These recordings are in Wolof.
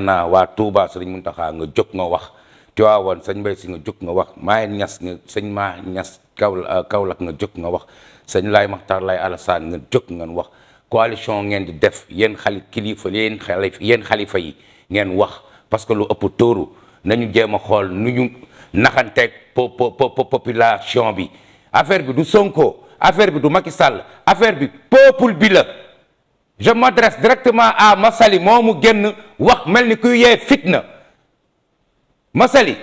naa waa Touba sëriñ Muntaxa nga jóg nga wax Tiwaawan sëñ Mbay si nga jóg nga wax Maay Ñas nga sëñ Maa Ñas euh, Kaolack nga jóg nga wax sëñ Laay Maxtaar Laay Alassane nga jóg nga wax coalition ngeen di def yéen kilifa yéen xalif yéen xalifa yi ngeen wax parce que lu ëpp tóoru nañu jéem a xool nu ñu naxanteeg po population bi affaire bi du Sonko affaire bi du Macky Sall bi peuple bi la je m'adresse directement à Massaly mu génn wax mel ni kuy yee fitna masali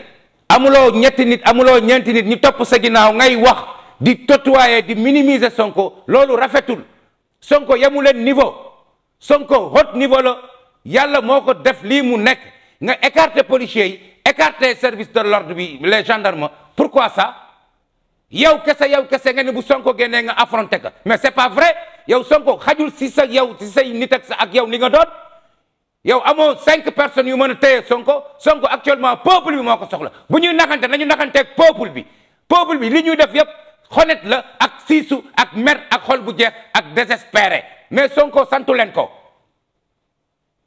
amuloo ñetti nit amuloo ñeenti nit ñu topp sa ginnaaw ngay wax di totoyer di minimiser Sonko loolu rafetul Sonko yemu leen niveau Sonko haut niveau la yàlla moo ko def lii mu nekk nga écarter policiers yi écarter service de l'ordre bi les gendarmes pourquoi ça yow kese yow kese nga ne bu Sonko génnee nga affronté ka mais c'est pas vrai yow Sonko xajul si sa yow si say nit ak sa ak yow li nga doon yow amoo cinq personnes yu mën a téye Sonko Sonko actuellement peuple bi moo ko soxla bu ñuy naxante na naxanteeg peuple bi peuple bi li ñuy def yëpp xonet la ak siisu ak mer ak xol bu jeex ak désespéré mais Sonko santu leen ko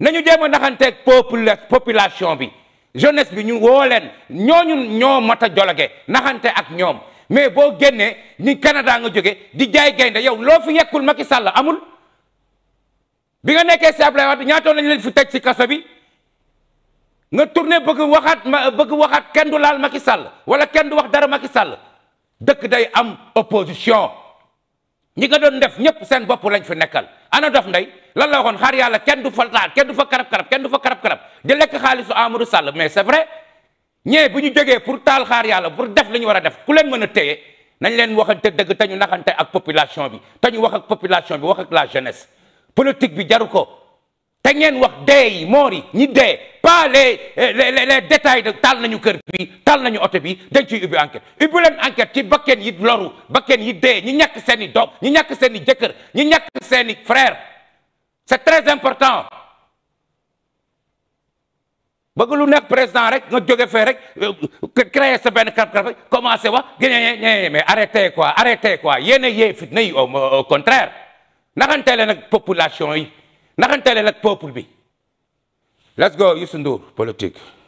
nañu jéem a naxanteeg popula population bi jeunesse bi ñu woo leen ñooñu ñoo mat a jologe naxante ak ñoom. mais boo génnee ni Canada nga jóge di jaay gaynde yow loo fi yekkul Macky Sall amul bi nga nekkee si Abdoulaye Wade ñaatoon lañu leen fi teg si kaso bi nga tourné bëgg waxaat ma bëgg waxaat kenn du laal Macky sàll wala kenn du wax dara Macky Sall dëkk day am opposition ñi nga doon def ñëpp seen bopp lañ fi nekkal ana dof ndey lan la waxoon xaar yàlla kenn du fa laal kenn du fa karab karab kenn du fa karab karab di lekk xaalisu Amadou Sall mais c'est ñee bu ñu jógee pour taal xaar yàlla pour def li ñu war a def ku leen mën a téye nañ leen waxante dëgg te ñu naxante ak population bi te ñu wax population bi wax ak la jeunesse politique bi jaru ko te ngeen wax dee yi yi ñi dee pas les les les détails de taal nañu kër bi taal nañu oto bi dañ ciy ubbi enquête ubbi leen enquête ci bakken yit loru bakken yi dee ñi ñàkk seen i doom ñi ñàkk seen i jëkkër ñi ñàkk seeni i frère c'est très important bëgg lu nekk président rek nga jóge fee rek euh, créer sa benn kàr commencé wax gën mais arrêtez quoi arrêtez quoi yéen a yee fitna yi au contraire naxanteele nag population yi naxanteele nag peuple bi let's go Youssou Ndour politique.